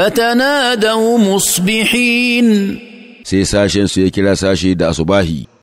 فتنادوا مصبحين sai sashen su ya kira sashe da asubahi